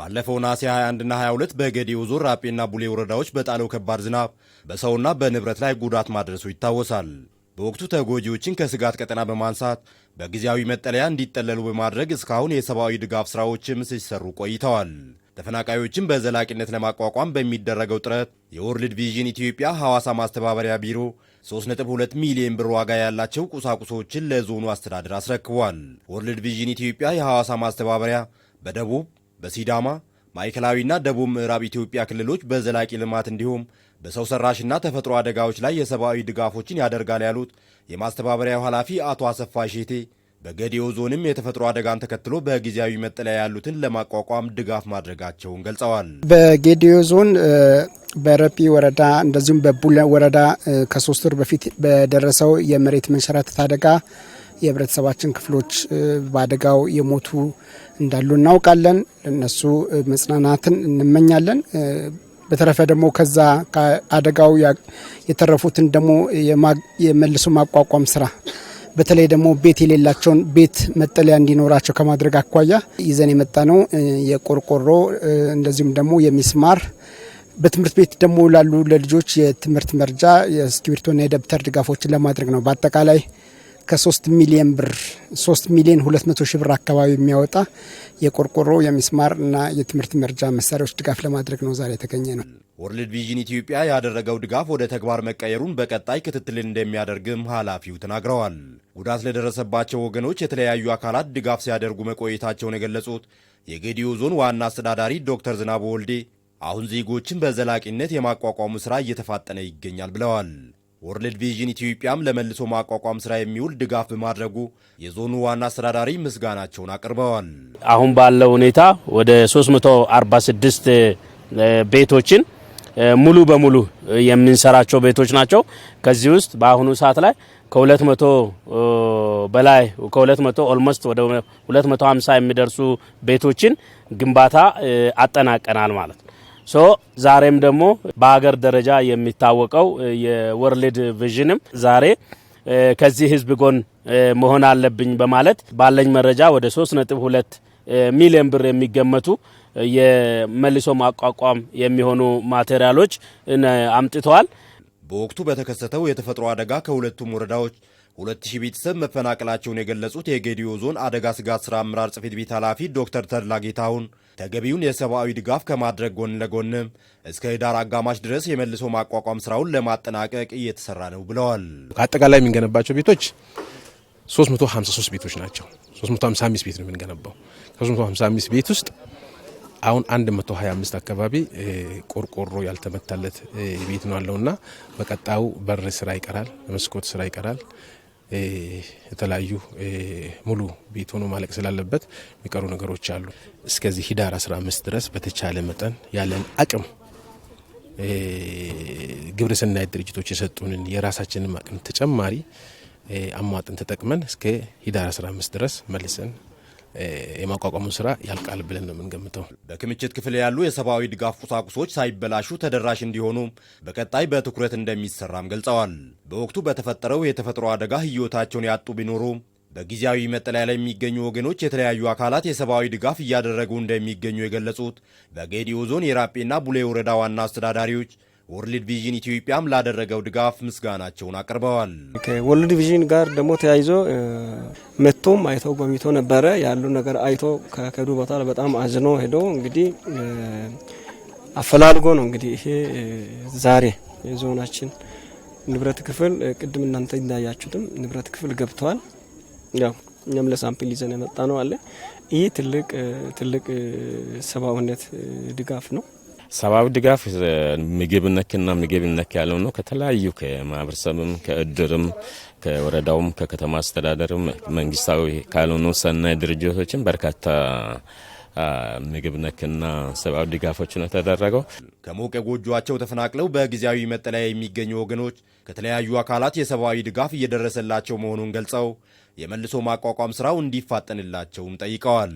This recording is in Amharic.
ባለፈው ነሐሴ 21ና 22 በጌዲዮ ዞን ራጴና ቡሌ ወረዳዎች በጣለው ከባድ ዝናብ በሰውና በንብረት ላይ ጉዳት ማድረሱ ይታወሳል። በወቅቱ ተጎጂዎችን ከስጋት ቀጠና በማንሳት በጊዜያዊ መጠለያ እንዲጠለሉ በማድረግ እስካሁን የሰብአዊ ድጋፍ ስራዎችም ሲሰሩ ቆይተዋል። ተፈናቃዮችን በዘላቂነት ለማቋቋም በሚደረገው ጥረት የወርልድ ቪዥን ኢትዮጵያ ሐዋሳ ማስተባበሪያ ቢሮ 3.2 ሚሊዮን ብር ዋጋ ያላቸው ቁሳቁሶችን ለዞኑ አስተዳደር አስረክቧል። ወርልድ ቪዥን ኢትዮጵያ የሐዋሳ ማስተባበሪያ በደቡብ በሲዳማ ማዕከላዊና ደቡብ ምዕራብ ኢትዮጵያ ክልሎች በዘላቂ ልማት እንዲሁም በሰው ሰራሽና ተፈጥሮ አደጋዎች ላይ የሰብአዊ ድጋፎችን ያደርጋል ያሉት የማስተባበሪያው ኃላፊ አቶ አሰፋ ሼቴ በገዲዮ ዞንም የተፈጥሮ አደጋን ተከትሎ በጊዜያዊ መጠለያ ያሉትን ለማቋቋም ድጋፍ ማድረጋቸውን ገልጸዋል። በጌዲዮ ዞን በረፒ ወረዳ እንደዚሁም በቡለ ወረዳ ከሶስት ወር በፊት በደረሰው የመሬት መንሸራተት አደጋ የህብረተሰባችን ክፍሎች በአደጋው የሞቱ እንዳሉ እናውቃለን። ለነሱ መጽናናትን እንመኛለን። በተረፈ ደግሞ ከዛ ከአደጋው የተረፉትን ደግሞ የመልሶ ማቋቋም ስራ በተለይ ደግሞ ቤት የሌላቸውን ቤት መጠለያ እንዲኖራቸው ከማድረግ አኳያ ይዘን የመጣ ነው የቆርቆሮ እንደዚሁም ደግሞ የሚስማር በትምህርት ቤት ደግሞ ላሉ ለልጆች የትምህርት መርጃ የእስክሪብቶና የደብተር ድጋፎችን ለማድረግ ነው በአጠቃላይ ከ3 ሚሊዮን ብር 3 ሚሊዮን 200 ሺህ ብር አካባቢ የሚያወጣ የቆርቆሮ የሚስማር እና የትምህርት መርጃ መሳሪያዎች ድጋፍ ለማድረግ ነው ዛሬ የተገኘ ነው። ወርልድ ቪዥን ኢትዮጵያ ያደረገው ድጋፍ ወደ ተግባር መቀየሩን በቀጣይ ክትትል እንደሚያደርግም ኃላፊው ተናግረዋል። ጉዳት ለደረሰባቸው ወገኖች የተለያዩ አካላት ድጋፍ ሲያደርጉ መቆየታቸውን የገለጹት የጌዲዮ ዞን ዋና አስተዳዳሪ ዶክተር ዝናቡ ወልዴ አሁን ዜጎችን በዘላቂነት የማቋቋሙ ስራ እየተፋጠነ ይገኛል ብለዋል። ወርልድ ቪዥን ኢትዮጵያም ለመልሶ ማቋቋም ስራ የሚውል ድጋፍ በማድረጉ የዞኑ ዋና አስተዳዳሪ ምስጋናቸውን አቅርበዋል። አሁን ባለው ሁኔታ ወደ 346 ቤቶችን ሙሉ በሙሉ የምንሰራቸው ቤቶች ናቸው። ከዚህ ውስጥ በአሁኑ ሰዓት ላይ ከ200 በላይ ከ መቶ ኦልሞስት ወደ 250 የሚደርሱ ቤቶችን ግንባታ አጠናቀናል ማለት ነው። ሶ ዛሬም ደግሞ በሀገር ደረጃ የሚታወቀው የወርልድ ቪዥንም ዛሬ ከዚህ ህዝብ ጎን መሆን አለብኝ በማለት ባለኝ መረጃ ወደ 3.2 ሚሊዮን ብር የሚገመቱ የመልሶ ማቋቋም የሚሆኑ ማቴሪያሎች አምጥተዋል። በወቅቱ በተከሰተው የተፈጥሮ አደጋ ከሁለቱም ወረዳዎች ሁለት ሺህ ቤተሰብ መፈናቀላቸውን የገለጹት የጌዲዮ ዞን አደጋ ስጋት ስራ አመራር ጽፌት ቤት ኃላፊ ዶክተር ተድላ ጌታሁን ተገቢውን የሰብአዊ ድጋፍ ከማድረግ ጎን ለጎን እስከ ህዳር አጋማሽ ድረስ የመልሶ ማቋቋም ስራውን ለማጠናቀቅ እየተሰራ ነው ብለዋል። ከአጠቃላይ የምንገነባቸው ቤቶች 353 ቤቶች ናቸው። 355 ቤት ነው የምንገነባው። ከ355 ቤት ውስጥ አሁን 125 አካባቢ ቆርቆሮ ያልተመታለት ቤት ነው ያለውና በቀጣው በር ስራ ይቀራል፣ መስኮት ስራ ይቀራል። የተለያዩ ሙሉ ቤት ሆኖ ማለቅ ስላለበት የሚቀሩ ነገሮች አሉ። እስከዚህ ህዳር 15 ድረስ በተቻለ መጠን ያለን አቅም ግብረ ድርጅቶች የሰጡንን የራሳችንን አቅም ተጨማሪ አሟጥን ተጠቅመን እስከ ህዳር 15 ድረስ መልሰን የማቋቋሙ ስራ ያልቃል ብለን ነው የምንገምተው። በክምችት ክፍል ያሉ የሰብአዊ ድጋፍ ቁሳቁሶች ሳይበላሹ ተደራሽ እንዲሆኑ በቀጣይ በትኩረት እንደሚሰራም ገልጸዋል። በወቅቱ በተፈጠረው የተፈጥሮ አደጋ ህይወታቸውን ያጡ ቢኖሩ በጊዜያዊ መጠለያ ላይ የሚገኙ ወገኖች የተለያዩ አካላት የሰብአዊ ድጋፍ እያደረጉ እንደሚገኙ የገለጹት በጌዲዮ ዞን የራጴና ቡሌ ወረዳ ዋና አስተዳዳሪዎች ወርልድ ቪዥን ኢትዮጵያም ላደረገው ድጋፍ ምስጋናቸውን አቅርበዋል። ከወርልድ ቪዥን ጋር ደግሞ ተያይዞ መቶም አይቶ ጎብኝቶ ነበረ ያሉ ነገር አይቶ ከከዱ ቦታ በጣም አዝኖ ሄዶ እንግዲህ አፈላልጎ ነው እንግዲህ ይሄ ዛሬ የዞናችን ንብረት ክፍል ቅድም እናንተ እንዳያችሁትም ንብረት ክፍል ገብተዋል። ያው እኛም ለሳምፕል ይዘን የመጣ ነው አለ። ይህ ትልቅ ትልቅ ሰብአዊነት ድጋፍ ነው። ሰብአዊ ድጋፍ ምግብ ነክና ምግብ ነክ ያለው ነው። ከተለያዩ ከማህበረሰብም ከእድርም ከወረዳውም ከከተማ አስተዳደርም መንግስታዊ ካልሆኑ ሰናይ ድርጅቶችን በርካታ ምግብ ነክና ሰብአዊ ድጋፎች ነው ተደረገው። ከሞቀ ጎጆቸው ተፈናቅለው በጊዜያዊ መጠለያ የሚገኙ ወገኖች ከተለያዩ አካላት የሰብአዊ ድጋፍ እየደረሰላቸው መሆኑን ገልጸው የመልሶ ማቋቋም ስራው እንዲፋጠንላቸውም ጠይቀዋል።